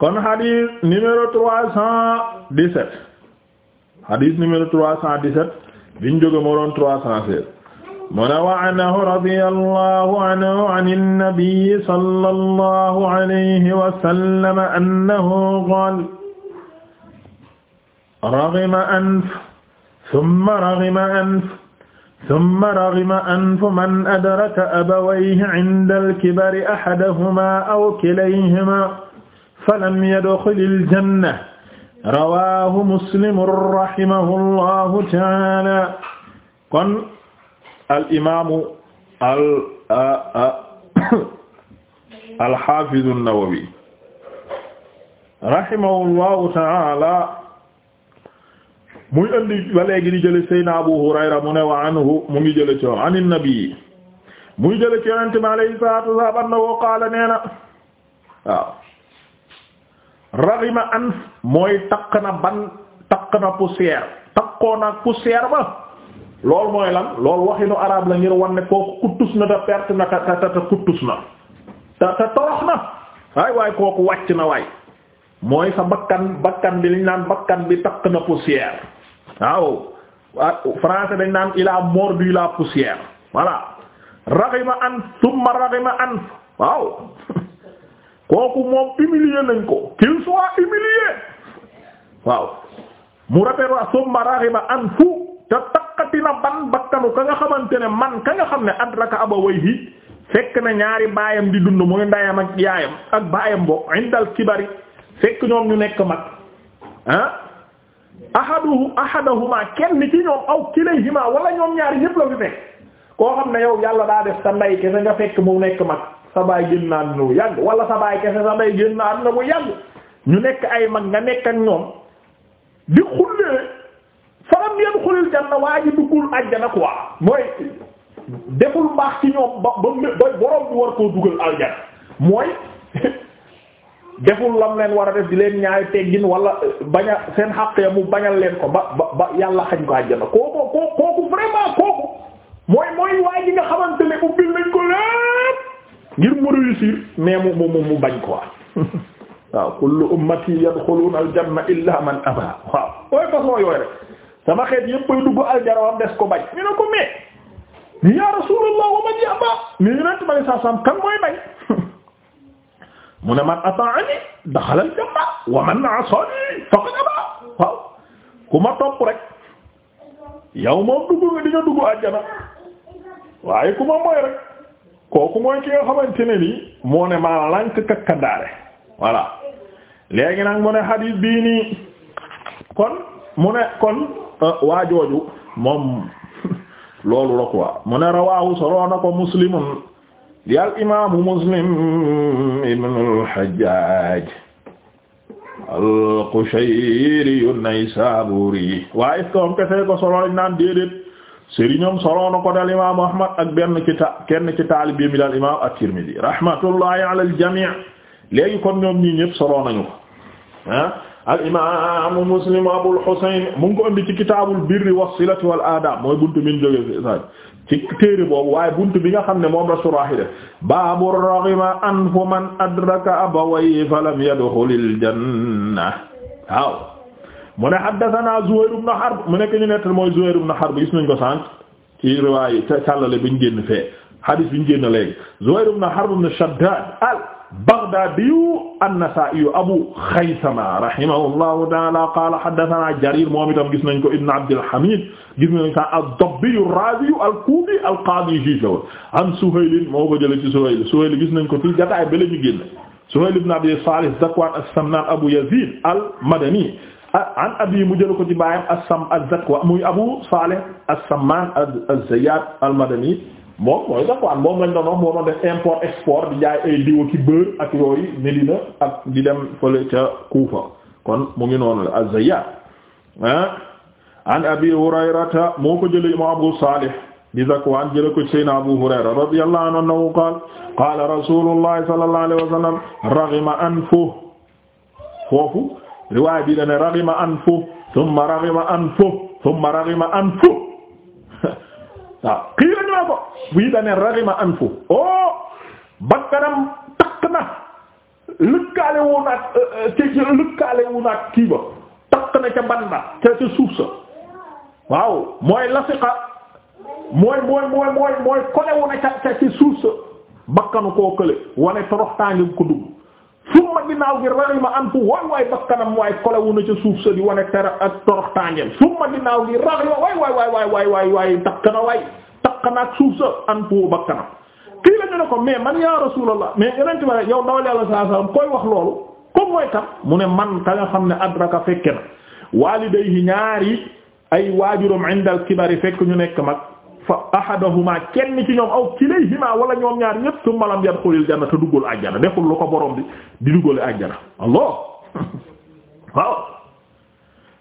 kon hadis numéro trois cent dix-sept hadis numéro trois cent dix-sept biñ jóge moo doon trois cent seize mu ne wa anhu radiyallahu anhu an an-nabi sallallahu alayhi wa sallam annahu qala raghima anf thumma raghima anf thumma raghima anf man adraka abawayhi 'inda al-kibari ahaduhuma aw kilayhima falam yadxulil janna rawaahu muslimu rahimahullahu taala kon al imaamu al al xaafizu nawawi rahimahullahu taala muy andi ba léegi di jële Seydina Abu Hurayra mu ne wa anhu mu ngi jële ci an nabi muy jële ci Yonent bi alayhi salaatu wa salaam annahu qaala nee na waaw. ma an mooy takk na ban takk na poussière takkoo na poussière ba lool mooy lan lool waxinu araab la ngir wan ne kooku kuttus na te perte na te te torox na waay waay kooku wàcc na waay mooy sa bakkan bakkan bi lañ naan bakkan bi takk na poussière waaw français dañ naan il a mordu la poussière voilà raxima an thumma ma an waaw kooku moom humilier nañ ko qu'il soit humilié waaw mu rafet waa summa raxiba an fu te takkati na ban bakkanu ka nga xamante ne man ka nga xam ne adraka abawayhi fekk na ñaari baayam di dund muy ndayam ak yaayam ak baayam bo indal kibari fekk ñoom ñu nekk mag ah ahadu ahadahuma kenn ci ñoom aw kilayhima wala ñoom ñaari ñépp la fi fekk koo xam ne yow yàlla daa def sa nday kese nga fekk mu nekk mag sa baay génn na àdduna bu yàgg wala sa baay kese sa baay génn na àdduna bu yàgg ñu nekk ay mag nga nekk ak ñoom di xullee faram yan xulil janna waa ji duggul àjjana quoi mooy deful mbaax ci ñoom ba ba koo dugal aljana mooy leen war a def di leen ñaari teggin wala bañ a seen mu bañal leen ko ba ba ba yàlla xañ ko àjjana kooku kooku vraiment kooku mooy mooy waa ji nga xamante ne ubbil nañ ko leen. ngir mu réussir mais mu mu mu bañ quoi waaw kullu ummati yadxuluuna aljanna illa man aba waaw ooy façon yooyu rek sama xeet yépp ay dugg aljana wam des ko bañ ñu ne ko mais ya rasulullah wa man yaba mais yonent bi saa saam kan mooy bañ mu ne man ata'ani daxala aljanna wa waaw ku ma topp rek yow moom dugg nga di aljana waaye ku ma mooy rek kooku mooy ki nga xamante ne moo ne maa kakkandaare voilà léegi nag mu ne xadiis bii nii kon mu ne kon euh, waa moom loolu la quoi ne rawaahu soroona ko muslimun yal imaamu muslim ibnul hajjaaj al qushayri an-naysaburi waa est-ce que ko soroon naan déedéet sëriñam solo na ko dal Ahmad ak benn ci ta ci taalibe mi dal imaamu at-Tirmidhi rahmatullahi ala kon ñoom ñii ñëpp solo nañu ko ah al imaamu Muslim Abul Husayn mu ngi ko indi ci kitaabul birri wal adab mooy buntu min jóge sa ci téere boobu bi nga xam ne moom la anfu man adraka abawayhi falam yadkhulil janna waaw mu ne haddathana Zuhayr ibn Harb mu nekk ñu nettal mooy Zuhayr ibn Harb gis nañ ko sànq ci riwaay càllale bi ñu génn fee hadis bi ñu génn léegi Zuhayr ibn Harb ibn Shaddad al-Baghdadi an-Nasa'i Abu Khaythama rahimahullahu ta'ala qala haddathana Jarir moom itam gis nañ ko Ibn Abd al-Hamid gis nañ ko ad-Dabbi ar-Razi al-Kufi al-Qadi Jijawar an Suhayl moo ko jëlee ci Suhayl Suhayl gis nañ ko ci jotaay ba la ñu génn Suhayl ibn Abi Salih Zakwan as-Samnan Abu Yazid al-Madani Ah, an abi mu jël ko ci baayam as-Sam az-Zakwa muy Abu Salih as al-Madani moom mooy Zakwaan moo doon def import export di dem Kufa kon mu ngi noonu la az-Zayyat ah, an abi Hurayrata moo ko jëlee Abu Salih di Zakwaan ko Seydina Abu Hurayra radiyallahu anhu annahu qaala qaala Rasulullah sallallahu alayhi wa sallam foofu riwaay bi dane raghima anfu thumma raghima anfu thumma raghima anfu waaw xiira ñoo anfu oh bakkanam takk na lëkkaale wu naag euh, euh, ca ca lëkkaale wu naag mooy lasiqa mooy mooy mooy mooy mooy kolewu na ca ca ca suuf sa bakkanu koo kële wane summa ginnaaw gi ragima anfu waay waay bakkanam waay kolewu na ca suuf sa di wane tera ak torox tàngeel summa gi ragima waay waay waay waay na waay takk na ak suuf sa anfu bakkanam kii la ñu ne ko mais man ya rasulallah mais yonent ba yow dawal yàlla sallallahu alayhi wasallam koy wax loolu comme mooy tam mu ne man ka xam ne adraka fekke na walidayhi ñaari ay waajuram indal kibari fekk ñu nekk mag fa ahadahuma kenn ci ñoom aw kilayhima wala ñoom ñaar ñépp su malam yadxulil janna te duggul àjjana deful lu ko borom bi di duggale àjjana allah waaw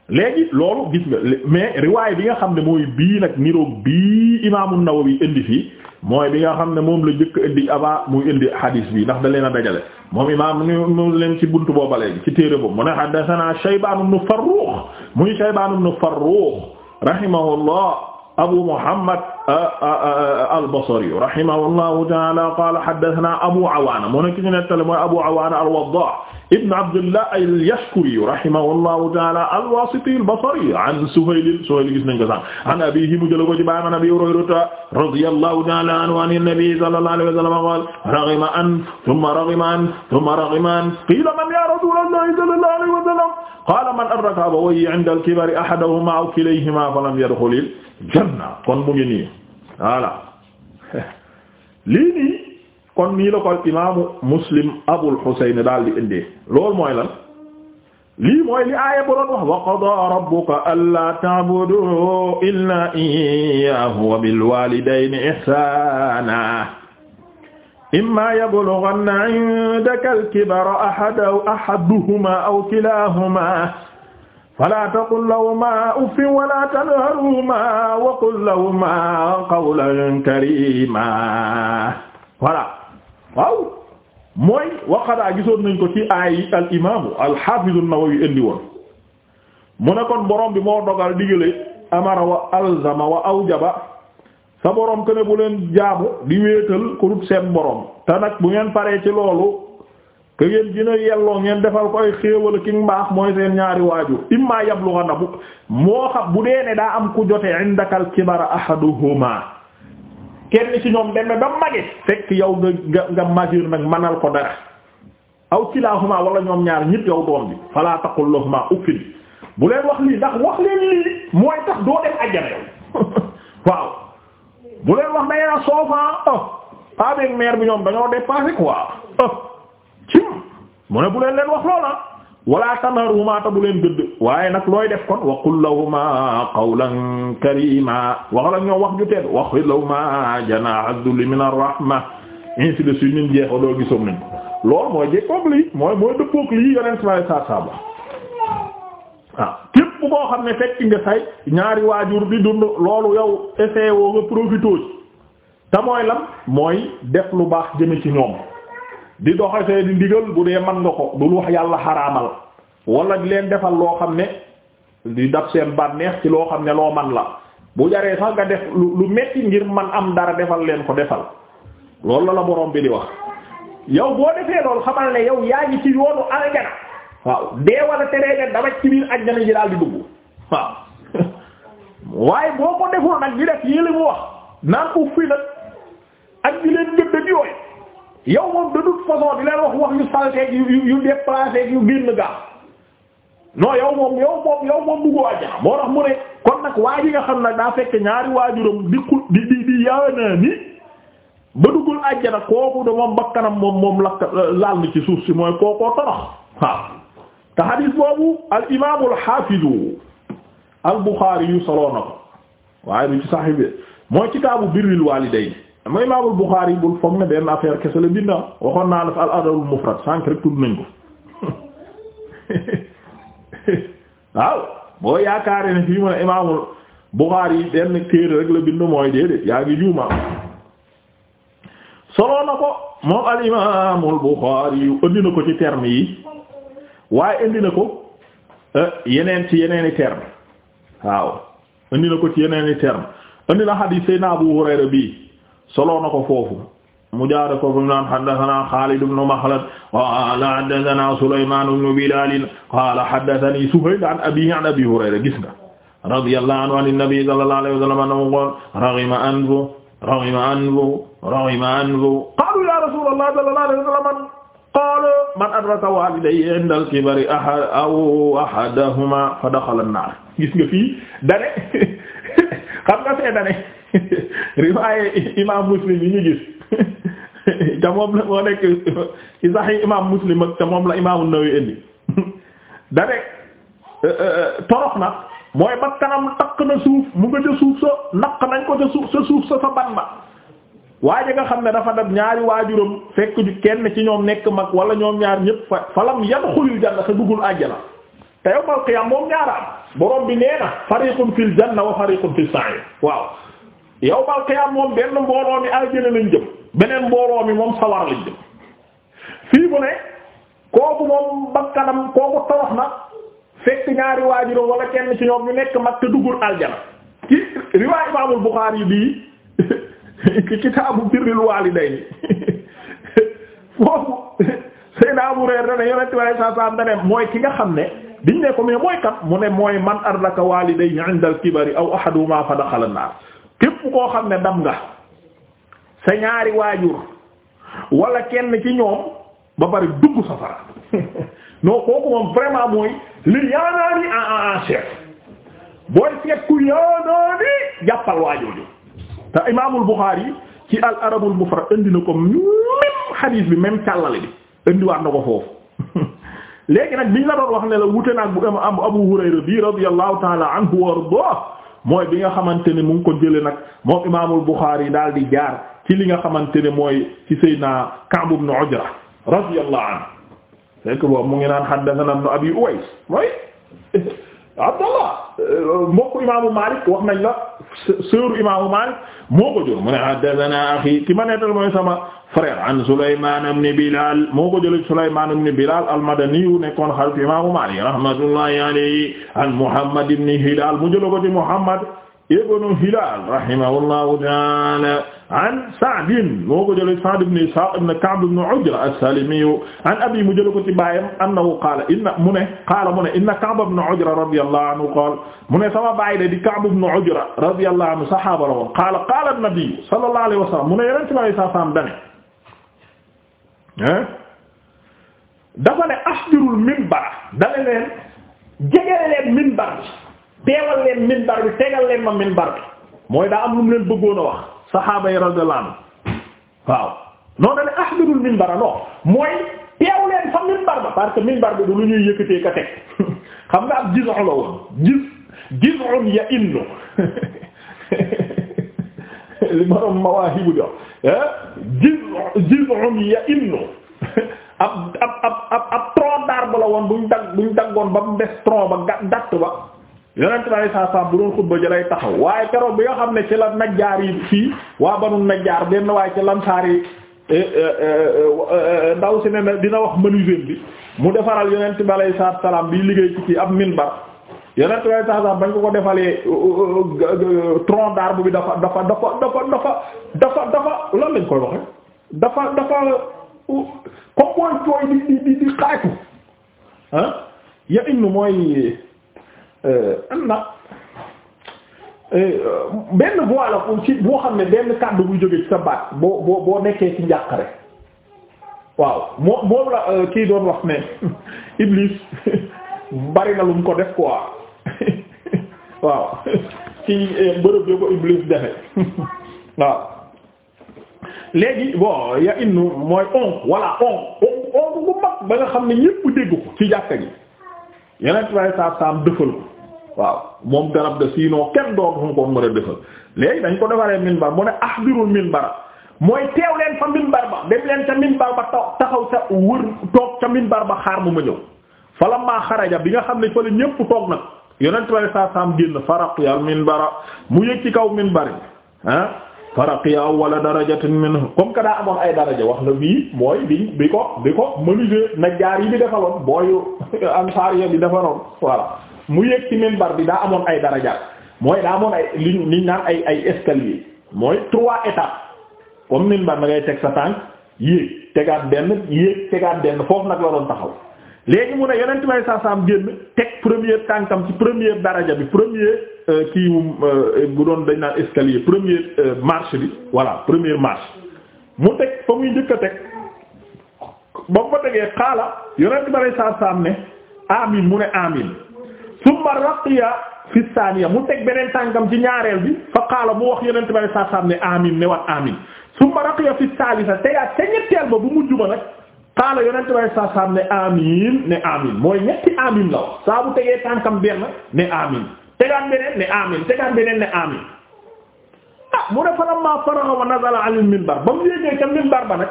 léegi loolu gis nga mais riwaay bi nga xam ne mooy bii nag niroog bii imaamu Nawawi indi fii mooy bi nga xam ne moom la jëkk indi avant muy indi hadis bi ndax da leen a dajale moom imaam mu leen ci bunt booba léegi ci téere boobu mu ne haddathana Shaybaan ibn Farrukh muy Shaybaan ibn Farrukh rahimahullah abu muhammad al-basri rahimahullahu ta'ala qala haddathana abu awaana moo nekk ñu nettale mooy abu awaana al-waddah ibn abdullah al-yashkuri rahimahullahu ta'ala al-wasiti al-basri an suhayl suhayl gis nañ ko sax an abihi mu jëla ko ci baay man abi hurayrata radiyallahu ta'ala anhu an an-nabi sallallahu alayhi wa sallam qala raghima an thumma raghima an thumma raghima an qila man ya rasulullah sallallahu alayhi wa sallam qala man adraka abawayhi 'inda al-kibari ahaduhuma aw kilayhima falam yadkhul janna kon mu ngi nii voilà lii nii kon nii la ko al imaamu muslim abul husayn daal di indee loolu mooy lan lii mooy li aaya bu doon wax wa qadaa rabbuka allaa ta'budu illaa iyyaahu wa bil waalidayni ihsaana imma yablughanna 'indaka al-kibara ahaduhumaa aw kilaahumaa fala taqul lahumaa uffin wala tanharhumaa wa qul lahumaa qawlan kariimaa voilà waaw mooy waqadaa gisoon nañ ko ci ay al imaamu al-Haafizu Nawawi indi woon mu ne kon borom bi moo dogal digale amara wa alzama wa awjaba sa borom que bu leen jaamu di wéetal kurut seen borom te nag bu ngeen pare ci loolu. que ngeen gën yelloo ngeen defal ko ay xéewal ki mbaax mooy seen ñaari waajur imma yablughanna bu moo xam bu dee ne daa am ku jotee indakal kibara ahaduhuma kenn ci ñoom demee ba mage fekk yow ko dara aw kilahuma ñaar ñëpp yow doom bi fala taqul waaw bu leen wax na yéen a soofaa ah oh, avec mère bi ñoom dañoo dépassé quoi oh. ci mu ne bu leen leen wax loola wala tanharhuma ta bu leen gëdd waaye nag looy def kon wa qul lahuma qawlan karima wax la ñoo wax ju tedd wax lahuma janaaha dhulli min ar-rahma ainsi de suite ñun jeexoo doo gisoon nañ mooy jekkoog lii mooy mooy dëppoog lii yonent sallallahu alayhi wasallam waaw ah, képp koo xam ne fekk nga say ñaari waajur di dund loolu yow essayé woo nga profité ci te mooy lan mooy def lu baax jëme ci ñoom di doxasee di ndigal bu dee man nga ko dul wax yàlla xaraamal wala di leen defal loo xam ne di dab seen bànneex ci loo xam ne loo man la bu jaree sax nga def lu metti ngir man am dara defal leen ko defal loolu la la borom bi di wax yow boo defee loolu xamal ne yow yaa ngi ci yoonu aljana waaw dee wala teree nga dama ci biir aljana ji daal di dugg waaw waaye boo ko deful nag di def yéeli mu wax naan ko fii nag ak di leen gëdd di yooyu yow moom de toute façon di leen wax wax yu salté yu yu déplacé yu génn gaaw non yow moom yow moom yow moom bëggoo àjjana moo tax mu ne kon nag waa ji nga xam nag daa fekk ñaari waajuram di ku di di di yaanaa ba duggul àjjana kooku da moom bakkanam moom moom lakk laal ni ci suuf si mooy koo koo waaw te xadiis boobu al imaamu al al buxaari yu soloo na ko waaye lu ci saxiib mooy kitaabu birril waalidayn ma imaamul Buxaari bul foog ne benn affaire kese la bind waxoon naa la al adabul mufrad sànq rek tudd nañ ko waaw boo yaakaaree ne fii mu ne imaamul Buxaari benn téere la bind mooy déedéet yaa ngi juuma solo na ko moom al imaamul Buxaari indi na ko ci termes yi waaye indi na ko eh, yeneen ci yeneeni termes waaw indi na ko ci yeneeni termes indi na xadiis Seydina Abu Hurayra bi soloo na ko foofu mu jaare ko fu mu naan haddathana Xaalid ibn Maxlad qaala haddathana Sulaymaan ibn Bilaal qaala haddathani Suhayl an abiihi an Abii Hurayra gis nga radiyallahu anhu an nabi sallallahu alayhi wa sallam annahu qaala raghima anfu raghima anfu raghima anfu qaalu ya rasuulallah sallallahu alayhi wa sallam qaala man adraka waalidayhi inda al-kibari ahad aw ahaduhumaa fa daxala an-naar gis nga fii dane xam nga fee dane riwaaye imaam muslim yi ñu gis te moom la moo nekk ci saxi imaam muslim ak te moom la imaam an-Nawawi indi da rek euh, euh, euh, torox na mooy ba kanam takk na suuf mu nga ca suuf sa naq nañ ko ca suuf sa suuf sa sa ban ba waaye nga xam ne dafa dab ñaari waajuram fekk kenn ci ñoom nekk mag wala ñoom ñaar ñëpp fa falam yadxulul janna te duggul àjjana te yawmal qiyaam moom ñaara am bi nee na fariqun fil janna wa fariqun fis sa'ir waaw yow bal xiyaam moom benn mbooloo mi aljana beneen mbooloo mi moom sawar lañ fii mu ne kooku moom bakkanam kooku torox na fekk ñaari waajuram wala kenn ci ñoom ñu nekk mag te duggul aljana ki riwaay imaamul Buxaari bii ci kitaabu birril waalidayni bi sallallahu alayhi wasallam mooy ki nga xam ne diñ ko mais mooy kan mu ne mooy man adraka waalidayni inda al-kibari aw ahaduhuma fa daxala an-naar képp koo xam ne dam nga sa ñaari waajur wala kenn ci ñoom ba bari dugg safara non kooku moom vraiment mooy li yaanaani en en chef booy seet ku yaanaani jàppal waajooju te imaamul Buxaari ci al arabul mufrad indi na ko même xadiis bi même càllale bi indiwaat na ko foofu léegi nag biñ la doon wax ne la wute naag bu Abu Hurayra bi radiyallahu ta'ala anhu warda mooy bi nga xamante ne mu ko jëlee nag moom imaamul Buxaari yi daal di jaar ci li nga xamante ne mooy ci Seydina Ka'b ibn Ujra radiyallahu anhu fekk boobu mu ngi naan haddathana ibn Abi Uways mooy Abdallah euh, mbokku imaamu Malik wax nañ la sœuru imaamu Malik moo ko jël mu ne haddathana akhi ki ma nettal mooy sama frère an Sulayman ibn Bilal moo ko jël Sulayman ibn Bilal al-Madani nekkoon xarit imaamu Malik rahmatullahi alayhi an Muhammad ibn Hilal mu jël ko ci Muhammad ibnu Hilaal rahimahullahu ta'aala an Sa'd moo ko jëlee Sa'd ibn Ishaaq ibn Ka'b ibn Ujra as-Salimi an abiihi mu jëlee ko ci baayam annahu qaala inna mu ne qaala mu ne inna Ka'b ibn Ujra radiyallahu anhu qaala mu ne sama baay de di Ka'b ibn Ujra radiyallahu anhu saxaaba la woon qaala qaala an-nabi sallallahu alayhi wa sallam mu ne Yonent bi sallallahu alayhi wa sallam dane dafa ne ahdirul minbar dane leen jege leen minbar bi teewal leen minbar bi tegal leen ma minbar bi mooy daa am lu mu leen bëggoon a wax saxaaba yi radiyallahu anhu waaw noonu dane ahbirul leen fa lu ñuy yëkkatee ka teg jiz jiz ya innu ab ab ab ab ab tronc d'arbre la woon buñ dag buñ daggoon ba mu des tronc ba gàtt ba yonent bi alayhi salaam bu doon xutba ja taxaw waaye keroog bi nga xam ne ci la najjaar yi fii waa banu najjaar benn waaye ci lansaar yi e, e, e, ndaw si ne na dina wax menuisier bi mu defaral yonent bi alayhi salaam bi liggéey ci ab minbar yonent bi alayhi salaam bañ ko ko defalee tronc d'arbre bi dafa dafa dafa dafa dafa dafa dafa lan lañ koy waxe dafa dafa comme mooy cooy di di di xaaju ah ya innu mooy. Euh, am na euh, benn voix la ci boo xam ne denn kàddu buy jóge ci sa baat boo boo boo nekkee ci njàqare waaw moo moom la euh, kii doon wax ne Iblis bari na ko def quoi waaw ci bërëb yo ko Iblis defe waaw léegi bon ya innu mooy onk voilà onk onk onk bu mag ba nga xam ne ñépp dégg ko ci jàkka gi yeneen way saab saam dëfal ko waaw moom garab de siinoo kenn doon ko mën a dëfal léegi dañ ko defaree minbar mu ne ahdirul minbar mooy teew leen fa minbar ba dem leen ca minbar ba taxaw ca wër toog ca minbar ba xaar mu ma ñëw fala maa xaraja bi nga xam ne fa la ñépp toog nag yonent way saab saam génn faraq yal minbara mu yëg ci kaw minbar ah faraqiya awwala darajatin minhu comme que daa amoon ay daraja wax na bii mooy bi bi ko bi ko menuisier najjaar yi bi defaloon booyu ansaar yi bi defaloon voilà mu yéeg ci bar bi daa amoon ay daraja mooy daa amoon ay liñ liñ naan ay ay escalier mooy trois étapes comme minbar na ngay teg sa tànk yéeg tegaat benn yéeg tegaat benn foofu nag la doon taxaw léegi mu ne yonent may saasaam génn teg première tànkam ci première daraja bi premier euh, kii euh, bu doon dañ naan escalier première euh, marche bi voilà première marche mu teg fa muy njëkk a teg ba mu fa tegee xaala yonent may saasaam ne amin mu ne amin summa raqiya fi mu teg beneen tànkam ci ñaareel bi fa xaala mu wax yonent may saasaam ne amin ne wat amin summa raqiya fi saalisa tegaat ca ñetteel ba bu mujj ba nag xaala yonente bay saa saam ne amin ne amin mooy ñetti amin la wax saa bu tegee tànkam benn ne amin tegaan beneen ne amin tegaan beneen ne amin ah mu ne falamma faraga wa nazala alil minbar ba mu yéegee ca minbar ba nag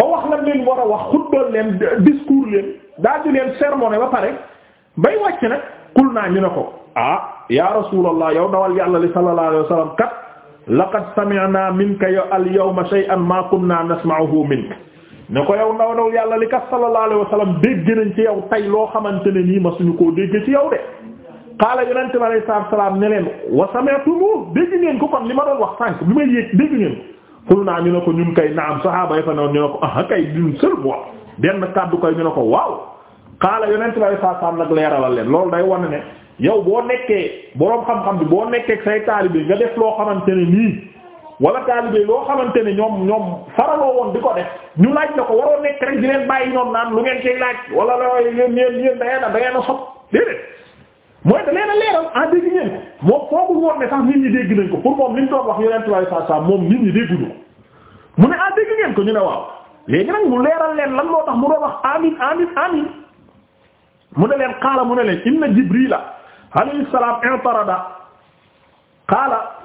ba wax la leen war a wax xutbal leen discours leen daal di leen sermoné ba pare bay wàcc nag kul naa ñu ne ko ah ya rasulallah yow dawal yàlla li sallallahu alayhi wa sallam kat laqad sami'na minka al yawma shay'an ma kunna nasma'uhu minka ne ko yow ndaw ndaw yàlla li kat sallallahu alayhi wa sallam dégg nañ ci yow tay loo xamante ne nii ma suñu koo dégg ci yow de xaala yonente bi alayhi salaatu salaam ne leen wa sami'tumu dégg ngeen ko kon li ma doon wax sànk bi may yéeg dégg ngeen ko xul naa ñu ne ko ñun kay naam sahaaba yi fa noon ñu ne ko ah kay d'une seule voix benn kàddu kay ñu ne ko waaw xaala yonente bi alayhi salaatu salaam nag leeralal leen loolu day wane ne yow boo nekkee boroom xam-xam bi boo nekkee say taalibe nga def loo xamante ne nii wala taalibe loo xamante ne ñoom ñoom faraloo woon di ko def ñu laaj la ko waroo nekk rek di leen bàyyi ñoom naan lu ngeen ciy laaj wala la yéen yéen yéen da ngeen a da ngeen a sob déedéet mooy da a leeral en ah dégg ngeen ko moom foogul woon ne sax nit ñi dégg nañ ko pour moom li wax yeneen tubaab saa saa moom nit ñi dégguñu ko mu ne en ah dégg ngeen ko ñu ne waaw léegi nag mu leeral leen lan moo tax mu doon wax amin amin amin mu ne leen qaala mu ne leen inna jibrila alayhi salaam intarada qaala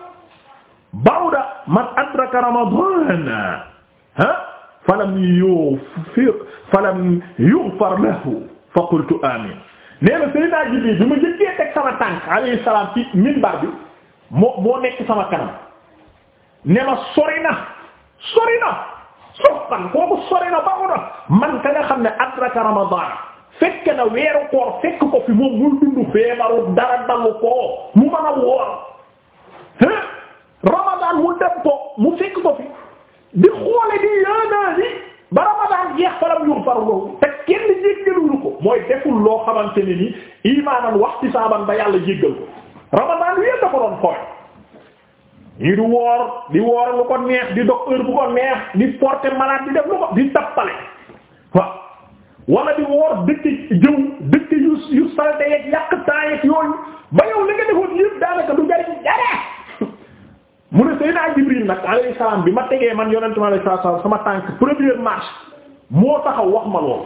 bawda man adraka ramadan ha falam yughfir falam yughfar lahu fa qultu amin nee na Seydina Jibril bi ma jëkkee teg sama tànk alayhi salaam ci minbar bi moo moo nekk sama kanam ne ma sori na sori na soxpan kooku sori na baaxu na man ka nga xam ne adraka ramadan fekk na weeru koor fekk ko fi moom muy dund feebaru dara dalu ko mu mën a woor Ramadan mu dem ko mu fekk ko fi di xoole di yaanaa ba Ramadan jeex faram yu faru loolu te kenn jéggaluñu ko mooy deful loo xamante ne ni imaanan wahtisaaban ba yàlla jéggal ko Ramadan lu yëpp dafa doon xool yi di woor di woor lu ko neex di dog heure bu ko neex di porter malade di def lu ko di tappale waaw di woor dëkk jëw dëkk yu yu yàq temps yooyu ba yow li nga defoon yëpp daanaka du jariñ dara mu ne Seydina Jibril nag alayhi salaam bi ma tegee man yonent ma alayhi salaam sama tànk première marche moo taxaw wax ma lool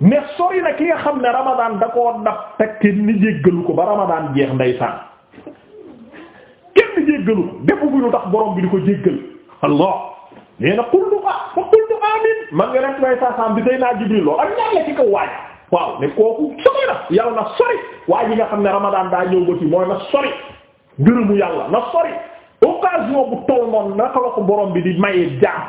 ne sori na ki nga xam ne Ramadan da koo dab te kenn ni jéggalu ko ba Ramadan jeex ndeysaan kenn jéggalu ko defu bi lu tax borom bi di ko jéggal Allah nee na qultu ah fa qultu amin man bi Seydina Jibril lool ak ñaar la ci kaw waaj waaw ne sori na yàlla na nga xam ne Ramadan daa ñëw ba ci mooy na sori ngërëmu yàlla na sori. occasion bu toll noonu naka ko borom bi di may jaam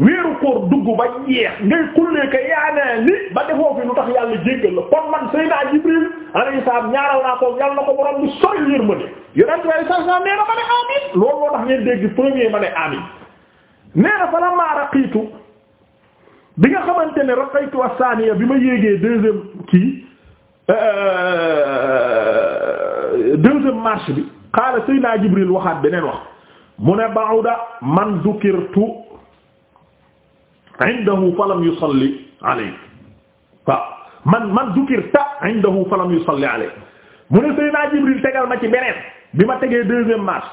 weeru koor dugg ba jeex ngay xullee ko yaanee ni ba defoo fi lu tax yàlla jéggal la kon man Seydina Jibril alayhi ñaaral naa yàlla ko borom bi sori yërmande yonent bi alayhi salaam ma ne amin loolu moo tax ngeen dégg premier ma ne amin nee na fa la bi nga xamante ne raqaytu as-saaniya bi ma yéegee deuxième kii euh, deuxième marche bi xaala Seydina Jibril waxaat beneen wax mu ne ba'uda man zukirtu indahu falam yusalli alayhi waaw man man zukirta indahu falam yusalli alayhi mu ne Seydina Jibril tegal ma ci beneen bi ma tegee deuxième marche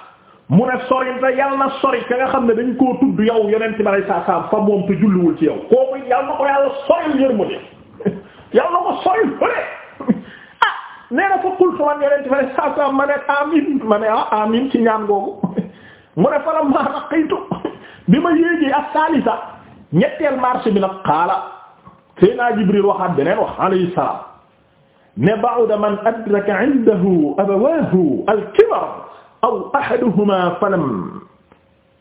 mu ne sori te yal na sori ka nga xam ne dañ koo tudd yow yonent bi alayhi salaam fa moom te julliwul ci yow kooku yal na ko yàlla soril yërmande yal na ko soril fële nee na fa qultu man yonent fa ne saa saa ma ne amin ma ne ah amin ci ñaan googu mu ne fa la ma raqitu bi ma yéegee ak salisa ñetteel marché bi nag xaala Seydina Jibril waxaat beneen wax alayhi salaam ne ba'uda man adraka indahu abawaahu al-kibar aw ahaduhuma falam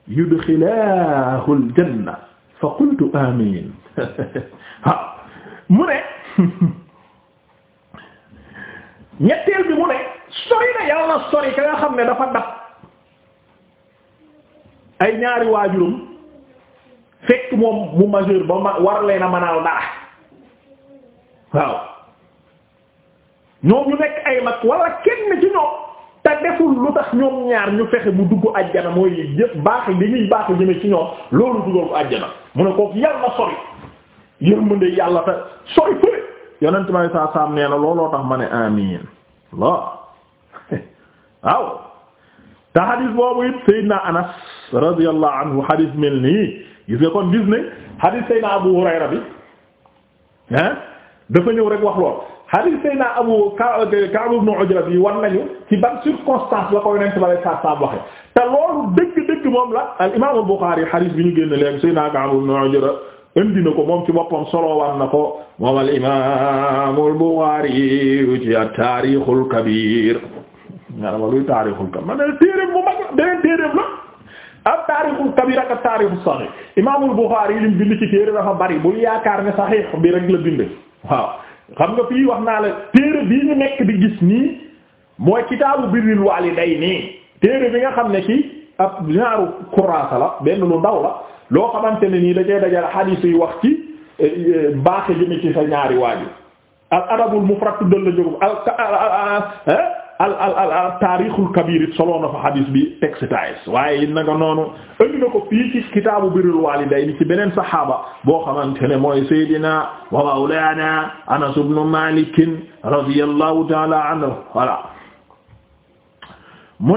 yudxilaahu al-janna fa qultu amin mu ne ñetteel bi mu ne sori na yàlla sori ka nga xam ne dafa dab ay ñaari waajurum fekk moom mu majeur ba ma war leen a mënaal dara waaw ñoom ñu nekk ay mag wala kenn ci ñoom te deful lu tax ñoom ñaar ñu fexe mu dugg àjjana mooy yëpp baax li ñuy baax jëme ci ñoom loolu dugal ko àjjana mu ne kooku yàlla sori yërmande yàlla te sori fële yonent may saa saam nee na looloo tax ma ne amiin la waaw te xadis boobu it Seydina Anas radiyallahu anhu xadis mel nii gis nga kon gis ne xadis Seydina Abu Hurayra bi ah dafa ñëw rek wax lool xadis Seydina Abu Ka'b ibn Ujra bi war nañu ci ban circonstance la ko yonent ba saa saam waxe te loolu dëgg-dëgg moom la al imaam al Buxaari bi ñu génn léegi Seydina Ka'b ibn Ujra indi na ko moom ci boppam solowaan na ko moom al imaamul Buxaari ci at-Taarixul Kabiir ñaar ma luy Taarixul Kabiir ma ne téereem bu mag la beneen téereem la at bari yaakaar ne saxiix bi rek la bind waaw xam nga fii wax naa la téere bii ñu nekk di gis nii mooy kitaabu birril waalidayni téere bi nga xam ne ci ab genre kuraasa la benn lu ndaw la loo xamante ne nii dajee dajal xadiis yi wax ci eh, eh, baaxe jëme ci ñaari waaju al adabul mufrad tuddal la njëgum al al al eh, it solo na fa xadiis bi texte taayis waaye it naka noonu indi na ko fii ci kitaabu birrul waalidayni beneen saxaaba boo xamante ne mooy Seydina wa mawlaana Anas ibn Maalik radiyallahu ta'ala anhu voilà mu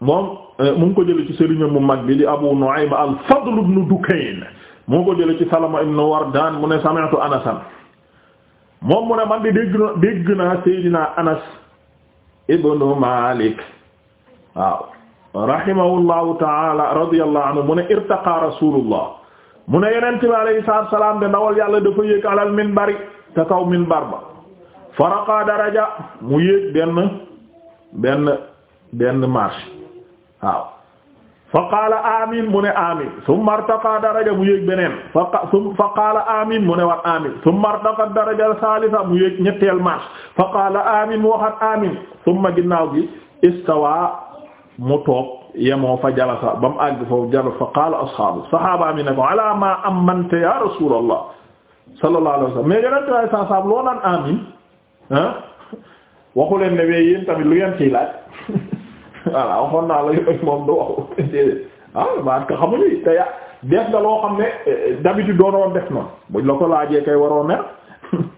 moom euh, mu ngi ko jële ci sëriñam mu mag bi di Abu Nu'aym al-Fadl ibn Dukayn mu ngi ko jële ci Salama ibn Wardaan mu ne sami'tu Anasan moom mu ne man di dégg na dégg naa Seydina Anas ibnu Malik waaw rahimahullahu taala radiyallahu anhu mu ne irtaqa rasulullah mu ne yonent bi alayhi salaatu wa salaam de ndawal yàlla dafa yéeg alal minbari te kaw minbar ba faraqa daraja mu yéeg benn benn benn marche waaw fa qaala amin mu ne amin summa artaqa daraja mu yéeg beneen fa fa qaala amin mu ne wat amin summa artaqa daraja salisa mu yéeg ñetteel marche fa qaala amin mu waxat amin summa ginnaaw gi istawa mu toog yemoo fa jalasa ba mu àgg foofu jal fa qaala ashaabu sahaaba mi ne ko ala ma amante ya rasulallah sallallahu alayhi wa sallam mais yenente waay sa saab loo naan amin ah waxu leen ne wee yéen tamit lu ngeen ciy laaj voilà waxoon naa la yooyu moom du wax ah, def nga loo xam ne eh, eh, d'habitude doonoon def noonu buñ la ko laajee kay waroon mer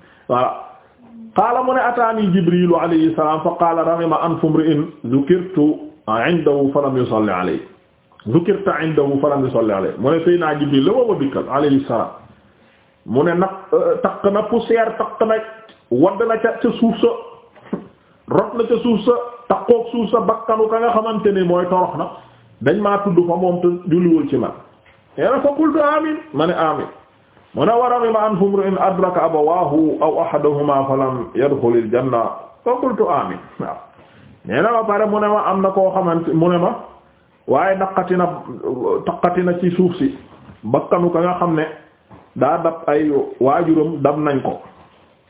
mu ne ataani jibrilu alayhi salaam fa qaala ramima anfu mri'in dhukirtu indahu falam yusalli alayhi falam yusalli alayhi mu ne Seydina Jibril la ma dikkal alayhi salaam mu ne nag eh, takk na poussière ca suuf sa rot ca suuf sa takkook suuf sa bakkanu ka nga xamante ni mooy torox na dañ maa tudd fa moom te julliwul ci man yàlla fa qultu amin ma ne amin mu ne war a rima an humru in adraka abawahu aw ahadahuma falam yadxulil janna fa qultu na ba pare mu ma am na koo xamante mu ne ma waaye na naqatina na ci suuf si bakkanu ka nga xam ne daa dab ay waajuram dab nañ ko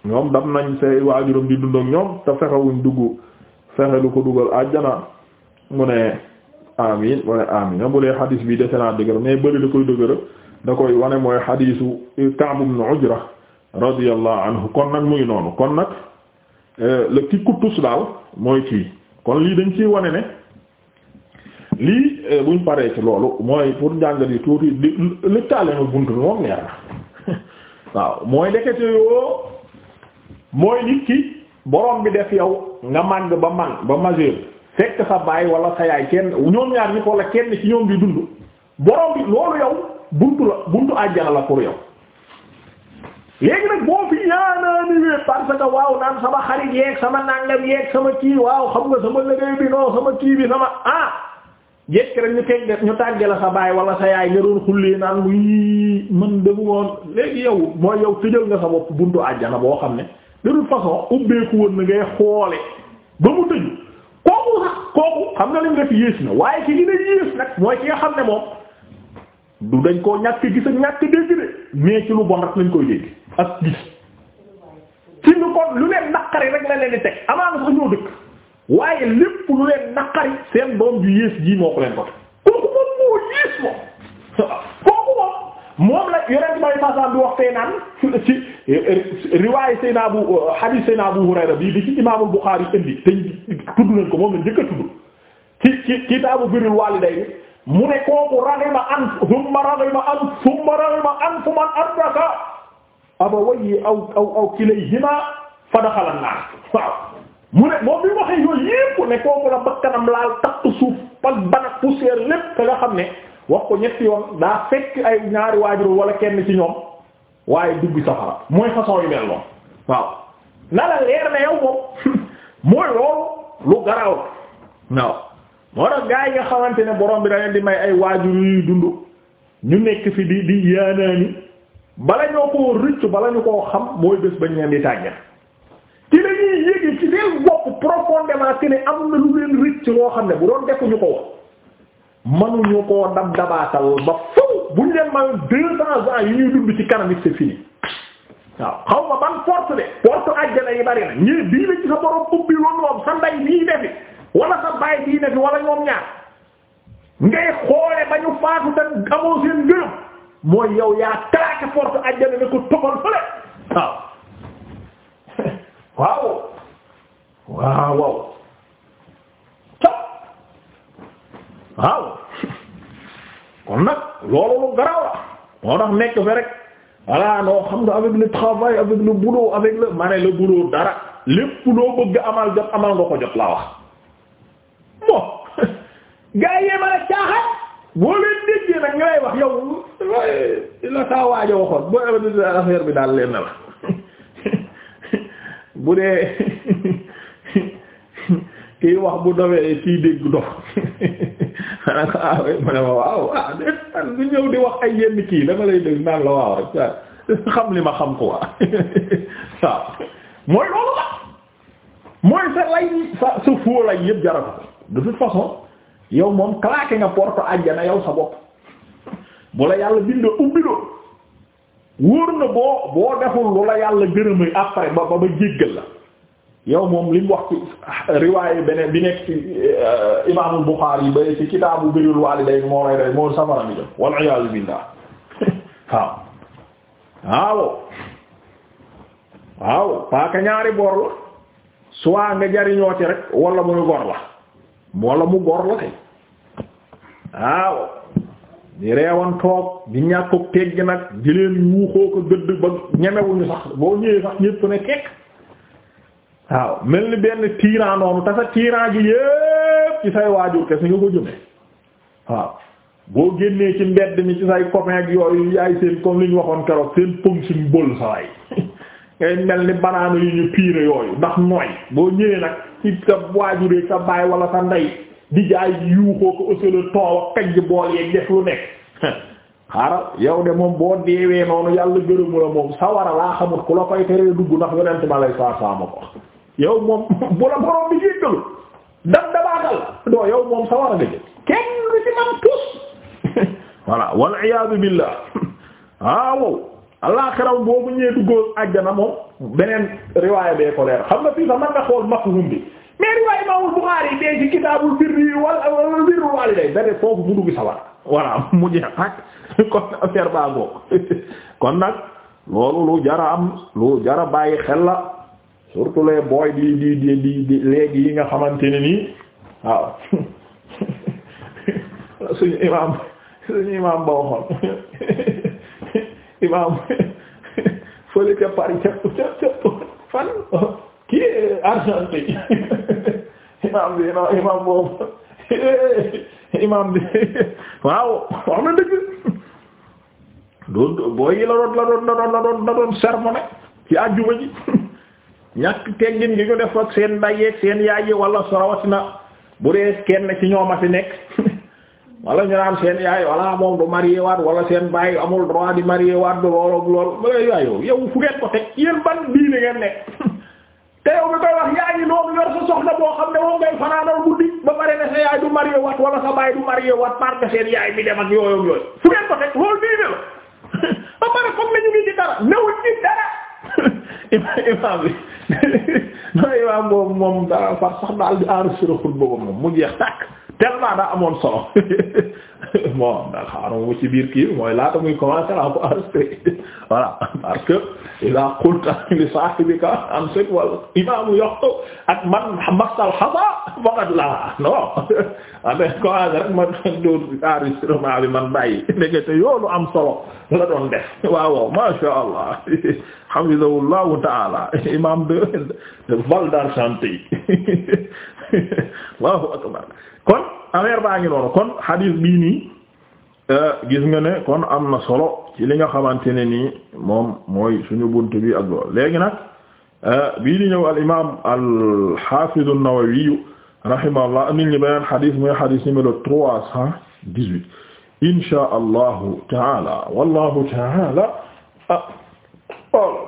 ñoom dab nañ say waajuram di dund ak ñoom te fexewuñ dugg fexe lu ko dugal àjjana mu ne amin mu ne amin a bu lee xadis bi dese naa dëgër mais bëri da koy dëgër da koy wane mooy xadisu Ka'b ibn Ujra radiyallahu anhu kon nag muy noonu kon nag euh, la ki kuttus daal mooy kii kon lii dañ ci wane ne lii euh, buñ paree ci loolu mooy pour njàngat yi tuuti di lëkkaale ma bunt bi moom leer na waaw mooy ndekete yoo mooy nit ki borom bi def yow nga màgg ba màgg ba majeur fekk sa baay wala sa yaay kenn ñoom ñaar ñi wala kenn ci ñoom bi dund borom bi loolu yow buntu la buntu àjjana la pour yow léegi nag boo fi yaanaaniwee naan sama xarit sama nangam yeeg nga sama liggéey bi non sama kii bi sama ah jekk rek ñu teg ñu tàgge la sa baay wala sa yaay nga doon xullee naan muy man demu woon léegi yow mooy yow tëjal nga sa bopp buntu àjjana boo xam ne de toute façon ubbeeku woon na ngay xoole ba mu tëju kooku sax kooku xam nga lim yées na waaye ci dina yées nag mooy ki nga xam ne moom du dañ koo ñàkk gis ak ñàkk dégg de mais ci lu bon rek lañ koy dégg ak gis ci lu kon lu leen naqari rek la leen di teg amaana sax dëkk waaye lépp lu leen naqari seen doom ju yées ji moo ko leen ko kooku moom moo yées moom moom la yonent bay façan bi wax fee naan ci euh, riwaay sayna Abu euh, hadith sayna Abu Hurayra bii bi ci imaamul Bukhari indi te tudd nañ ko moom la njëkk a tudd ci ci kitaabu birrul waalidayni mu ne kooku raghima an thumma raghima an thumma raghima an fu man adraka abawayhi aw aw aw kilayhima fa dakhala an-naar waaw mu ne moom bi waxee yooyu yépp ne kooku la bakkanam laal takk suuf ak ban ak poussière lépp ka nga xam ne wax ko ñetti yoon daa fekk ay ñaari waajur wala kenn ci ñoom waaye dugg safara mooy façon yu mel noonu waaw na la leer na yow moom mooy loolu lu garaw waaw moo tax gaa yi nga xamante ne borom bi da di may ay waajur yuy dund ñu nekk fi di di yaanaani bala ñoo koo rëcc bala ñu koo xam mooy bés bañ leen di tàggat ci la ñuy yéegi ci seen bopp profondément que ne am na lu leen rëcc loo xam ne bu doon defuñu ko woon manuñu koo dab dabaatal ba faw buñ leen mayoon deux yi ñuy dund ci kanam it c'est waaw xaw ma ban porte de porte àjjana yi bari na ñii bii ci sa borom ubbi woon moom sa ndey bii defi wala sa baay bii defi wala ñoom ñaar ngay xoole ba ñu faatu te amoo seen gërëm mooy yow yaa traqué porte àjjana ne ko tobal fële waaw waaw waaw waaw waaw kon nag loolu lu garaaw la moo tax nekk fe rek voilà xam nga avec le travail avec le boulot avec le ma ne le boulot dara lépp loo bëgg amal jot amal nga ko jot laa wax bon gars yi ma boo leen déggee nag ñu lay wax yow la saa waaj a waxoon boo amee affaire bi daal leen na la bu dee kii wax bu dofee kii dégg dof ah oui waaw ah du ñëw di wax ay yenn kii dama lay dégg naan la waaw rek xam li ma xam quoi waaw mooy loolu la mooy sa lay sa sa foo lay yëpp jarata de toute façon yow moom claqué nga porte àjjana yow sa bopp bu la yàlla bindoo ubbidoo wóor na boo boo deful lu la yàlla gërëmay après ba ba jéggal la. yow moom li mu wax ci riwaaye beneen bi nekk ci euh, imaamul Buxaari yi ba ci kitaabu birrul waalidayn moo lay rey moo safara mi jëm wal iyaazu billaah waaw waaw waaw paaka ñaari boor la soit nga jariñoo ci rek wala muy gor la wala mu gor la kay waaw di reewan toog di ñàkkug tegg nag di leen yuuxoo ko gëdd ba ñemewuñu sax boo ñëwee sax ñépp ne kekk waaw mel ni benn tyran noonu te sa tyran gi yépp ci say waajur kese nga ko jëme waaw boo génnee ci mbedd mi ci say copain yooyu yaay seen comme li ñu waxoon keroog seen punching ball sa waay ngay mel ni banaana yu ñu piire yooyu ndax nooy boo ñëwee nag ci sa waajuree sa baay wala sa ndey di jaay yuuxoo ko ësala toowa kaj bool yeeg def lu nekk xaaral yow de moom boo deewee noonu yàlla gërëmu la moom sawara laa xamut ku la koy teree dugg ndax yonent ma yow moom bu la borom bi jéggalu dab dabaatal doo yow moom sa war a kenn lu ci tus voilà wal iyaadu billah ah, waaw alaaxiraw boobu ñëwee duggoo àjjana beneen riwaaya bee ko leer xam nga man nga xool mafhum bi mais riwaaya Imaamul Buxaari yi ci kitaabul birri wala wala birrul waaliday da foofu mu dugg sa war mu jeex ak kon loolu lu jara am lu jara bàyyi xel la surtout les di di di di léegi yi nga xamante ne nii waaw suñu imaam suñu imaam ba waxoon imaam fële ca Paris ca ca fan kii bi non imaam boobu imaam bi waaw wax na dëgg doon booy yi la doon la doon la doon la doon sermoné ji. ñàkk teggin gi ñu def ak seen ndey ak seen yaay yi wala rawatina bu dee kenn ci ñoom a fi nekk wala ñu naan seen yaay wala moom du marié waat wala seen baay amul droit di marié waat du lool ak lool ba lay ko teg yéen ban diine ngeen nekk te yow mi koy wax yaay yi noonu yor sa soxna boo xam ne moom ngay fanaanal guddi ba pare ne sa yaay du marié waat wala sa baay du marié waat parce seen yaay mi dem ak yooyu yooyu ko teg loolu ba pare comme ne ñu ngi ci dara newuñ ci dara. imaam bi non imaam boobu moom daa far sax daal di enregistré xutba ba moom mu jeex tàkk tellement daa amoon solo bon daal xaaral mu ci biir kii mooy laata muy laa ko enregistré voilà parce que iza qulta li saahibika ak man masal xasaa faqad laa non amee commencé rek ma doon enregistrement bi man bàyyi ndekete yoonu am solo la doon waaw masha Allah hafizahullahu ta'ala imam de Val d'Argenteuil Allahu akbar kon affaire baa ngi noonu kon hadis bii nii euh, gis nga ne kon am na solo ci li nga xamante ne nii moom mooy suñu bunt bi ak loolu léegi nag euh, bii di ñëw al imam al hafiz an-Nawawi rahimahullah amin li beneen hadis mooy hadis numéro trois cent dix-huit insha allahu taala wallahu taala